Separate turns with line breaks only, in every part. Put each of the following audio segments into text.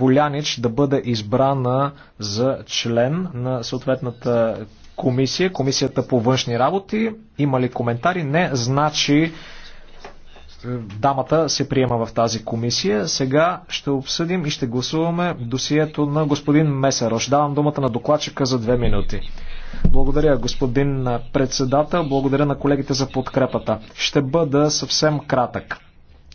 Голянич да бъде избрана за член на съответната комисия, комисията по външни работи. Има ли коментари? Не, значи е, дамата се приема в тази комисия. Сега ще обсъдим и ще гласуваме досието на господин Месарош. Давам думата на докладчика за две минути. Благодаря, господин председател. Благодаря на колегите за подкрепата. Ще бъда съвсем кратък.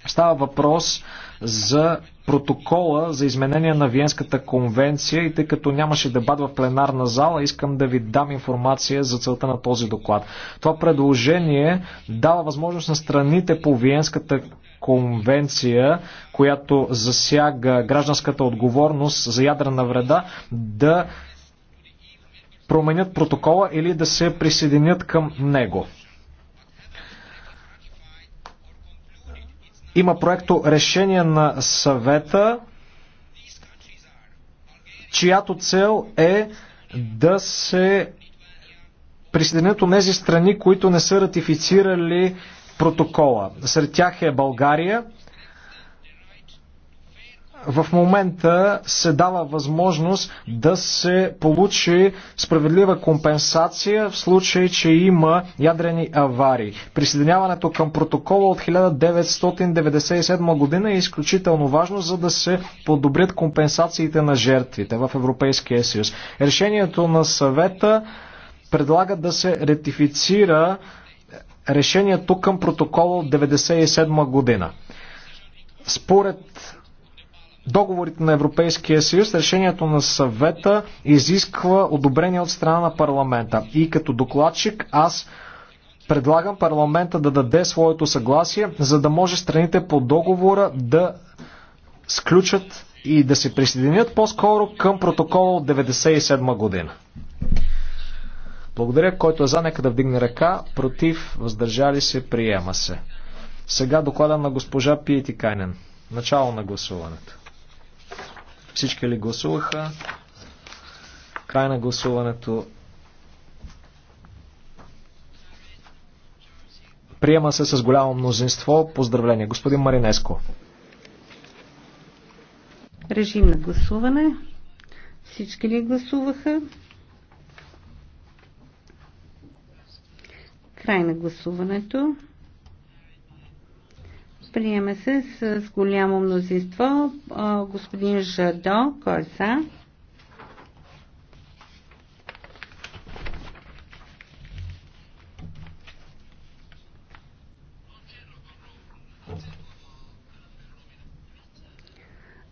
Става въпрос за протокола за изменение на Виенската конвенция и тъй като нямаше дебат в пленарна зала, искам да ви дам информация за целта на този доклад. Това предложение дава възможност на страните по Виенската конвенция, която засяга гражданската отговорност за ядрена вреда, да променят протокола или да се присъединят към него. Има проекто решение на съвета, чиято цел е да се присъединят от тези страни, които не са ратифицирали протокола. Сред тях е България в момента се дава възможност да се получи справедлива компенсация в случай, че има ядрени аварии. Присъединяването към протокола от 1997 година е изключително важно, за да се подобрят компенсациите на жертвите в Европейския съюз. Решението на съвета предлага да се ретифицира решението към протокола от 1997 година. Според договорите на Европейския съюз, решението на съвета изисква одобрение от страна на парламента. И като докладчик аз предлагам парламента да даде своето съгласие, за да може страните по договора да сключат и да се присъединят по-скоро към протокола от 1997 година. Благодаря, който е за, нека да вдигне ръка, против, въздържали се, приема се. Сега доклада на госпожа Пиети Кайнен. Начало на гласуването. Всички ли гласуваха? Край на гласуването. Приема се с голямо мнозинство. Поздравление. Господин Маринеско.
Режим на гласуване. Всички ли гласуваха? Край на гласуването. Приема се с, с голямо мнозинство. Господин Жадо, кой за?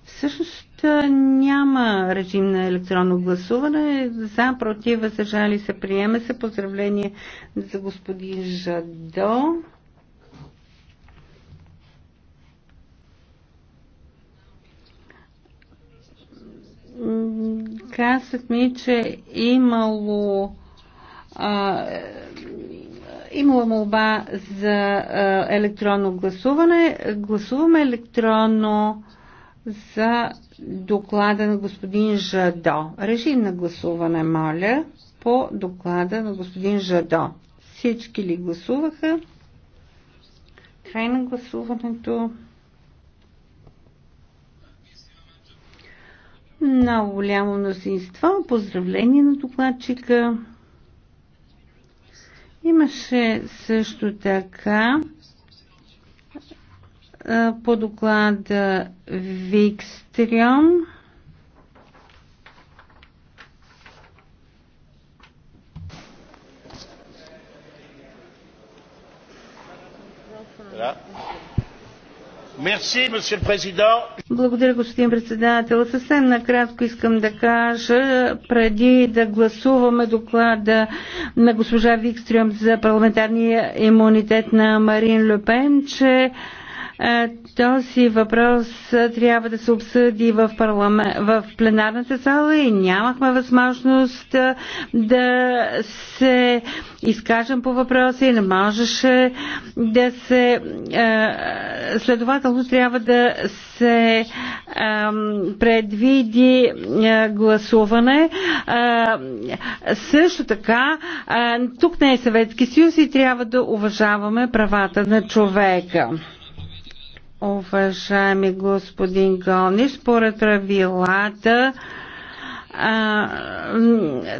Всъщност няма режим на електронно гласуване. За, против, въздържали се, приема се. Поздравление за господин Жадо. казват ми, че имало а, имало молба за а, електронно гласуване. Гласуваме електронно за доклада на господин Жадо. Режим на гласуване, моля, по доклада на господин Жадо. Всички ли гласуваха? Край на гласуването. Много голямо мнозинство. Поздравление на докладчика. Имаше също така по доклада Викстрион. Да. Благодаря, господин председател. Съвсем накратко искам да кажа, преди да гласуваме доклада на госпожа Викстрюм за парламентарния имунитет на Марин Люпен, че е, този въпрос е, трябва да се обсъди в, парламент, в пленарната зала и нямахме възможност е, да се изкажем по въпроса и не можеше да се. Следователно трябва да се предвиди гласуване. Също така, тук не е Съветски съюз и трябва да уважаваме правата на човека уважаеми господин Гални, Според правилата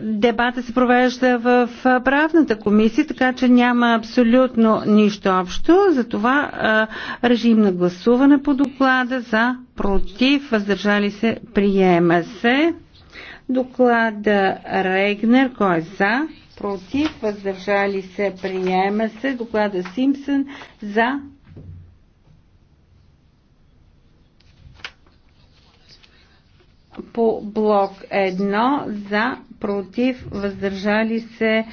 дебата се провежда в правната комисия, така че няма абсолютно нищо общо. Затова режим на гласуване по доклада за против, въздържали се, приема се. Доклада Регнер, кой е за, против, въздържали се, приема се. Доклада Симпсън за, по блок 1 за, против, въздържали се,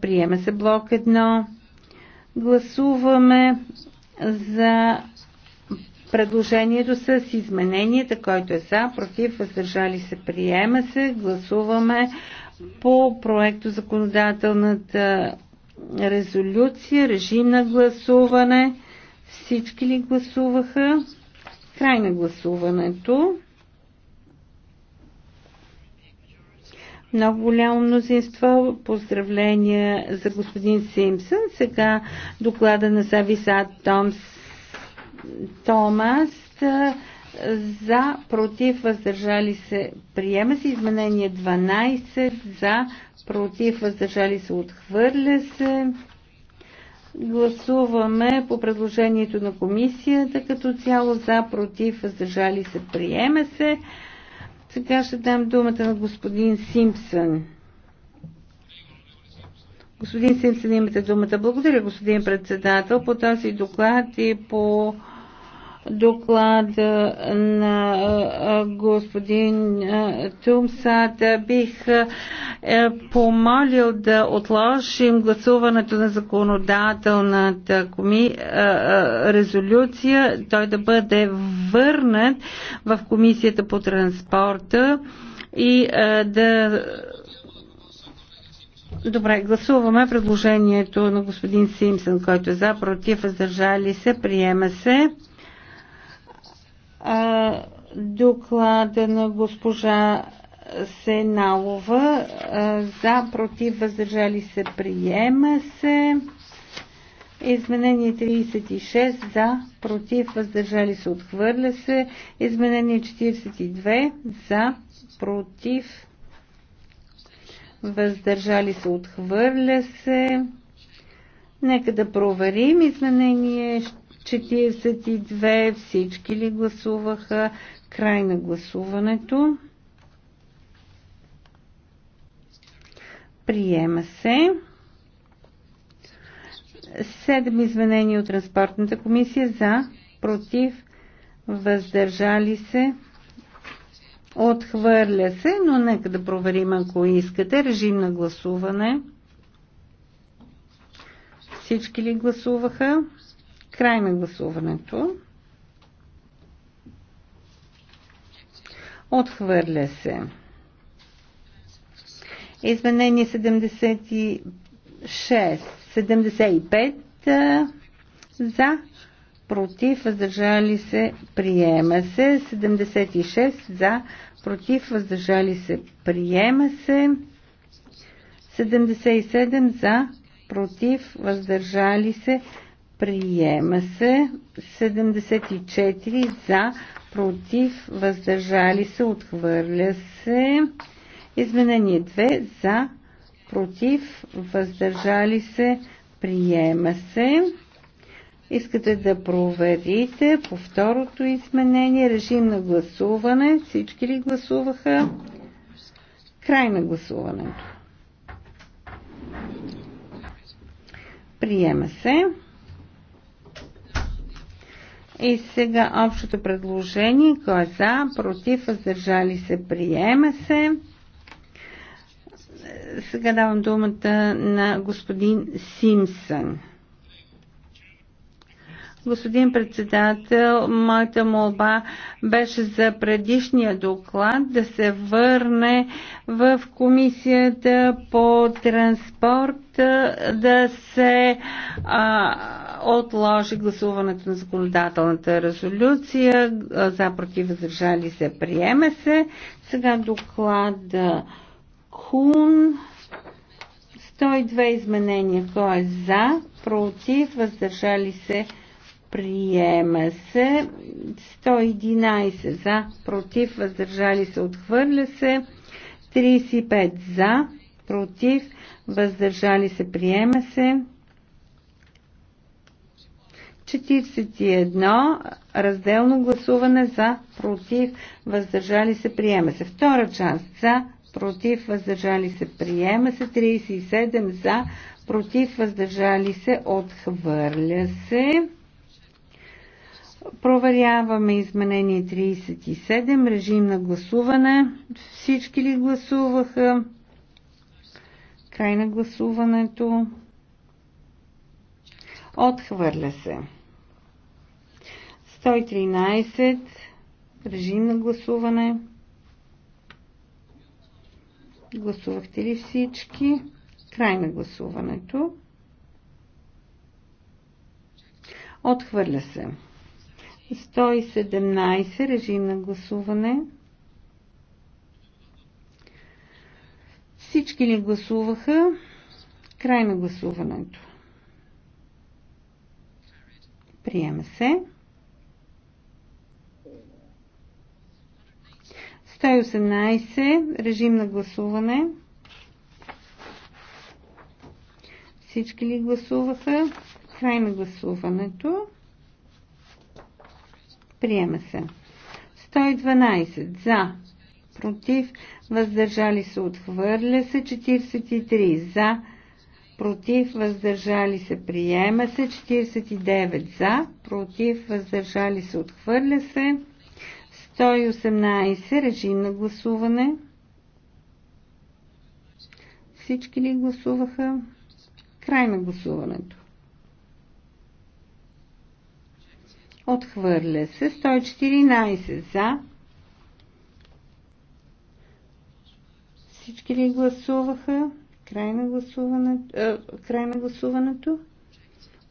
приема се блок 1. Гласуваме за предложението с измененията, който е за, против, въздържали се, приема се. Гласуваме по проекто законодателната резолюция, режим на гласуване. Всички ли гласуваха? Край на гласуването. много голямо мнозинство. Поздравления за господин Симпсън. Сега доклада на Сависа Томс, Томас за против въздържали се приема се изменение 12 за против въздържали се отхвърля се Гласуваме по предложението на комисията като цяло за, против, въздържали се, приема се. Сега ще дам думата на господин Симпсън. Господин Симпсън, имате думата. Благодаря, господин председател, по този доклад и по доклада на господин Тумсата. Бих е, помолил да отложим гласуването на законодателната коми... резолюция, той да бъде върнат в Комисията по транспорта и да Добре, гласуваме предложението на господин Симсън, който е за, против, въздържали се, приема се а, доклада на госпожа Сеналова за против въздържали се приема се. Изменение 36 за, против, въздържали се, отхвърля се. Изменение 42 за, против, въздържали се, отхвърля се. Нека да проверим изменение 42. Всички ли гласуваха? Край на гласуването. Приема се. Седем изменения от Транспортната комисия за, против, въздържали се, отхвърля се, но нека да проверим, ако искате. Режим на гласуване. Всички ли гласуваха? Край на гласуването. Отхвърля се. Изменение 76, 75 за, против, въздържали се, приема се. 76 за, против, въздържали се, приема се. 77 за, против, въздържали се, Приема се 74 за, против, въздържали се, отхвърля се. Изменение 2 за, против, въздържали се, приема се. Искате да проверите по второто изменение режим на гласуване. Всички ли гласуваха? Край на гласуването. Приема се. И сега общото предложение, кой е за, против, въздържали се, приема се. Сега давам думата на господин Симсън. Господин председател, моята молба беше за предишния доклад да се върне в комисията по транспорт, да се а, отложи гласуването на законодателната резолюция, за против въздържали се, приеме се. Сега доклад Кун. 102 изменения. Кой е за, против, въздържали се, Приема се 111 за, против, въздържали се, отхвърля се 35 за, против, въздържали се, приема се 41 разделно гласуване за, против, въздържали се, приема се. Втора част за, против, въздържали се, приема се. 37 за, против, въздържали се, отхвърля се. Проверяваме изменение 37, режим на гласуване. Всички ли гласуваха? Край на гласуването. Отхвърля се. 113, режим на гласуване. Гласувахте ли всички? Край на гласуването. Отхвърля се. 117 режим на гласуване. Всички ли гласуваха? Край на гласуването. Приема се. 118. Режим на гласуване. Всички ли гласуваха? Край на гласуването. Приема се. 112 за. Против. Въздържали се. Отхвърля се. 43 за. Против. Въздържали се. Приема се. 49 за. Против. Въздържали се. Отхвърля се. 118. Режим на гласуване. Всички ли гласуваха? Край на гласуването. Отхвърля се 114 за. Всички ли гласуваха? Край на гласуването. край на гласуването.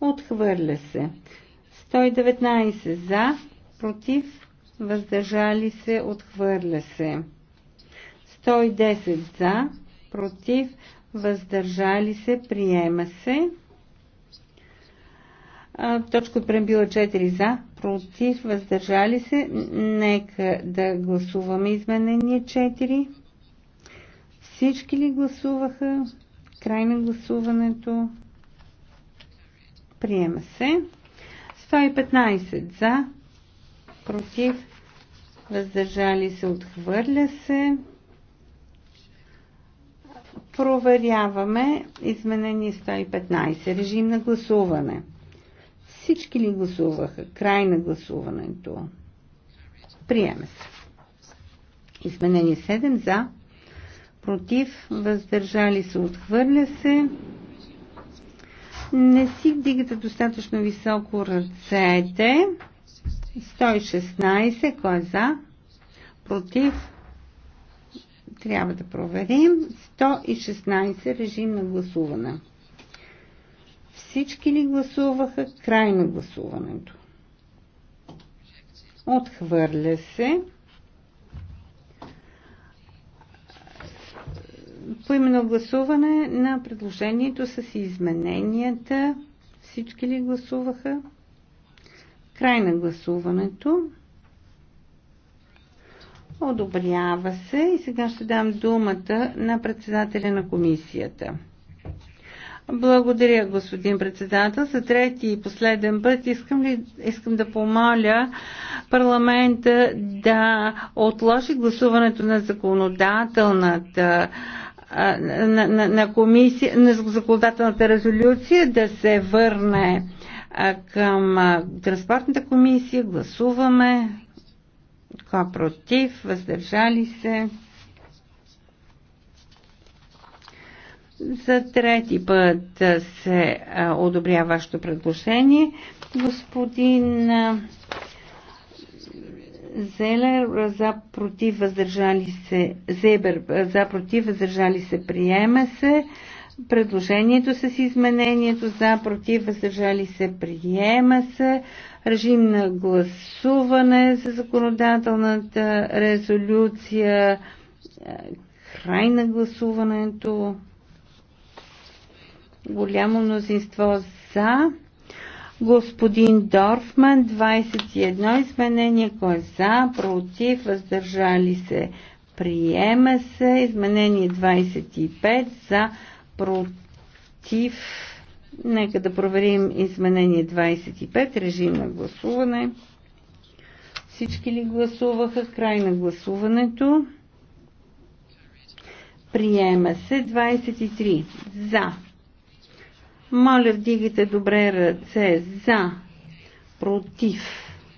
Отхвърля се. 119 за. Против. Въздържали се. Отхвърля се. 110 за. Против. Въздържали се. Приема се. Точка от била 4 за, против, въздържали се. Нека да гласуваме изменение 4. Всички ли гласуваха? Край на гласуването. Приема се. 115 за, против, въздържали се, отхвърля се. Проверяваме изменение 115. Режим на гласуване. Всички ли гласуваха? Край на гласуването. Приеме се. Изменение 7 за. Против. Въздържали се. Отхвърля се. Не си вдигате достатъчно високо ръцете. 116. Кой е за? Против. Трябва да проверим. 116. Режим на гласуване. Всички ли гласуваха край на гласуването? Отхвърля се. Поименно гласуване на предложението с измененията. Всички ли гласуваха? Край на гласуването. Одобрява се и сега ще дам думата на председателя на комисията. Благодаря, господин председател. За трети и последен път искам, ли, искам да помоля парламента да отложи гласуването на законодателната на, на, на, комисия, на законодателната резолюция да се върне към транспортната комисия. Гласуваме. Кой е против? Въздържали се? За трети път се одобрява вашето предложение. Господин Зелер за против въздържали се, Зебер за против въздържали се, приема се. Предложението с изменението за против въздържали се, приема се. Режим на гласуване за законодателната резолюция. Край на гласуването голямо мнозинство за. Господин Дорфман, 21 изменение. кой е за, против, въздържали се, приема се. Изменение 25 за, против. Нека да проверим изменение 25, режим на гласуване. Всички ли гласуваха? Край на гласуването. Приема се 23 за моля, вдигайте добре ръце за, против,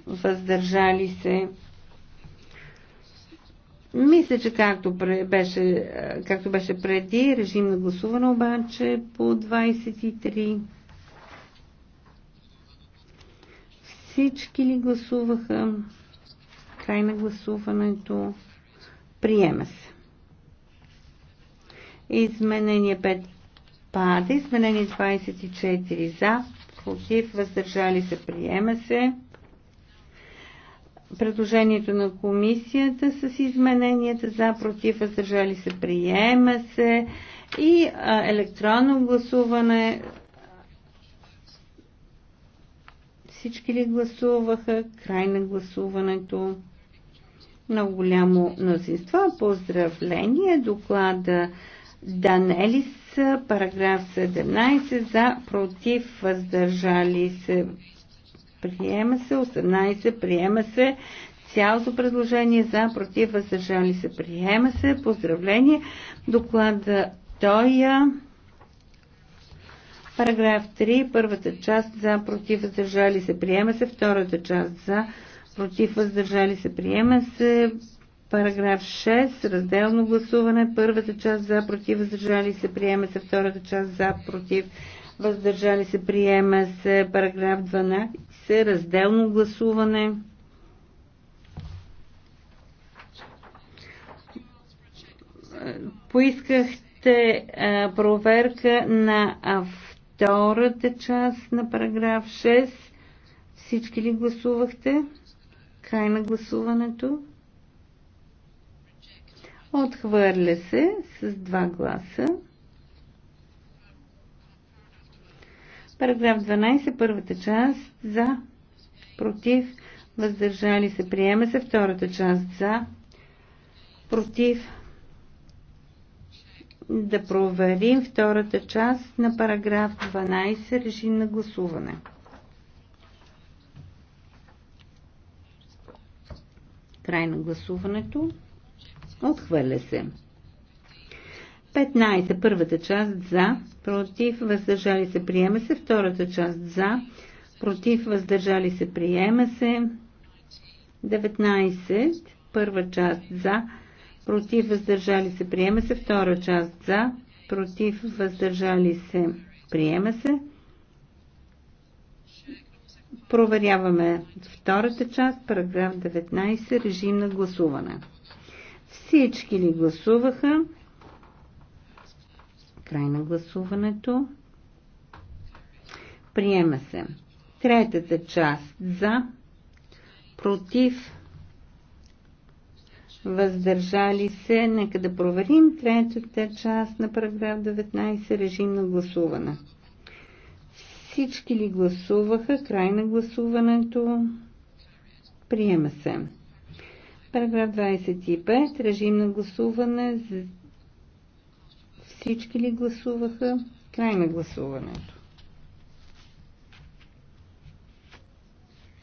въздържали се. Мисля, че както беше, както беше преди, режим на гласуване обаче по 23. Всички ли гласуваха? Край на гласуването. Приема се. Изменение 5 пада. Изменение 24 за, против, въздържали се, приема се. Предложението на комисията с измененията за, против, въздържали се, приема се. И а, електронно гласуване. Всички ли гласуваха? Край на гласуването много голямо мнозинство. Поздравление! Доклада Данелис параграф 17 за против въздържали се. Приема се 18, приема се цялото предложение за против въздържали се. Приема се. Поздравление. Доклада Тоя. Параграф 3. Първата част за против въздържали се. Приема се. Втората част за против въздържали се. Приема се. Параграф 6. Разделно гласуване. Първата част за, против, въздържали се, приема се. Втората част за, против, въздържали се, приема се. Параграф 12. Разделно гласуване. Поискахте проверка на втората част на параграф 6. Всички ли гласувахте? Край на гласуването. Отхвърля се с два гласа. Параграф 12, първата част за, против, въздържали се, приема се, втората част за, против, да проверим втората част на параграф 12, режим на гласуване. Край на гласуването. Отхвърля се. 15. Първата част за, против, въздържали се, приема се. Втората част за, против, въздържали се, приема се. 19. Първа част за, против, въздържали се, приема се. Втора част за, против, въздържали се, приема се. Проверяваме втората част, параграф 19, режим на гласуване. Всички ли гласуваха? Край на гласуването. Приема се. Третата част за, против, въздържали се. Нека да проверим третата част на параграф 19, режим на гласуване. Всички ли гласуваха? Край на гласуването. Приема се. Параграф 25. Режим на гласуване. Всички ли гласуваха? Край на гласуването.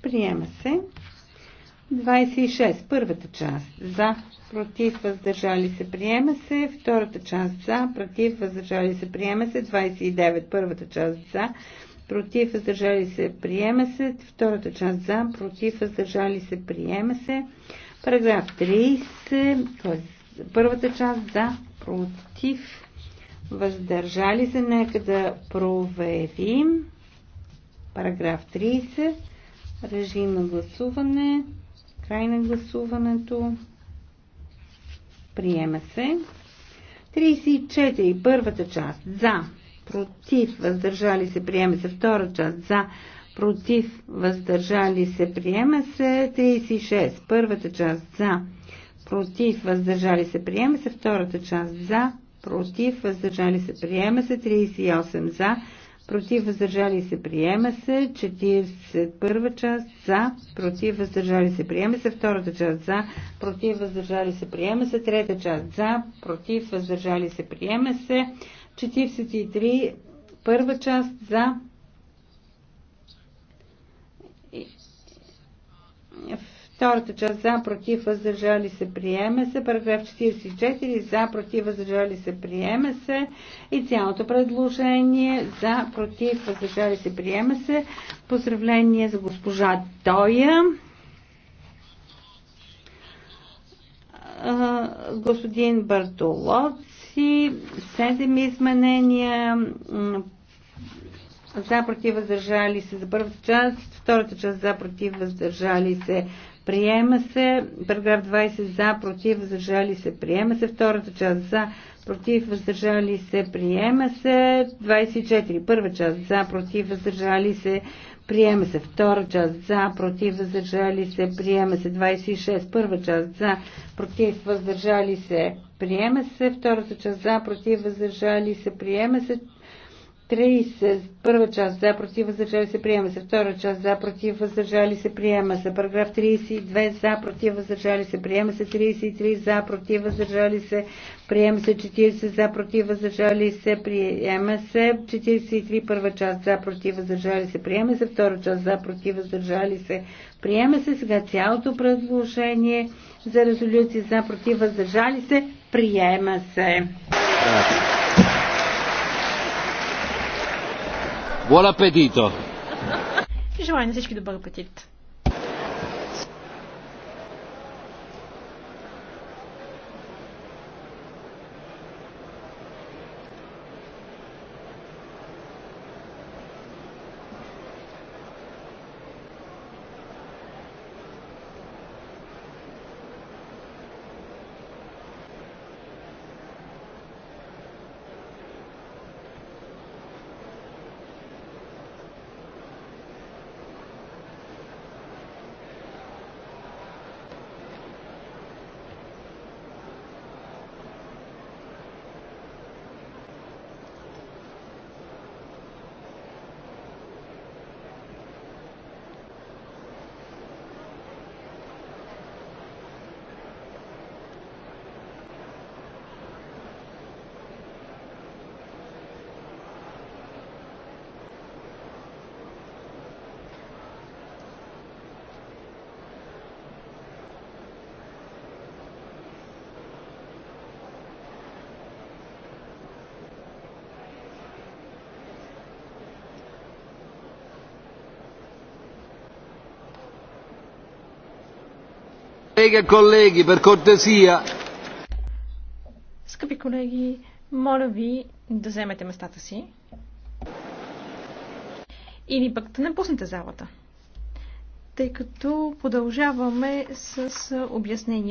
Приема се. 26. Първата част. За, против, въздържали се, приема се. Втората част. За, против, въздържали се, приема се. 29. Първата част. За, против, въздържали се, приема се. Втората част. За, против, въздържали се, приема се. Параграф 30, т.е. първата част за против. Въздържали се, нека да проверим. Параграф 30. Режим на гласуване. Край на гласуването. Приема се. 34. Първата част за. Против. Въздържали се. Приема се. Втора част за против, въздържали се, приема се 36. Първата част за, против, въздържали се, приема се. Втората част за, против, въздържали се, приема се 38 за, против, въздържали се, приема се 40 първа част за, против, въздържали се, приема се втората част за, против, въздържали се, приема се трета част за, против, въздържали се, приема се 43 първа част за, Втората част за, против, въздържали се, приема се. Параграф 44 за, против, въздържали се, приема се. И цялото предложение за, против, въздържали се, приема се. Поздравление за госпожа Тоя. господин Бартолоци, седем изменения, за против въздържали се за първата част, втората част за против въздържали се приема се, параграф 20 за против въздържали се приема се, втората част за против въздържали се приема се, 24 първа част за против въздържали се Приема се втора част за, против, въздържали се. Приема се 26. Първа част за, против, въздържали се. Приема се втората част за, против, въздържали се. Приема се 30. Първа част за, против, въздържали се, приема се. Втора част за, против, въздържали се, приема се. Параграф 32 за, против, въздържали се, приема се. 33 за, против, въздържали се, приема се. 40 за, против, въздържали се, приема се. 43 първа част за, против, въздържали се, приема се. Втора част за, против, въздържали се, приема се. Сега цялото предложение за резолюция за, против, въздържали се, приема се. Е,
Buon appetito!
Желая на всички добър апетит!
E per cortesia.
Скъпи колеги, моля ви да вземете местата си. Или пък да не пуснете залата. Тъй като продължаваме с обяснения.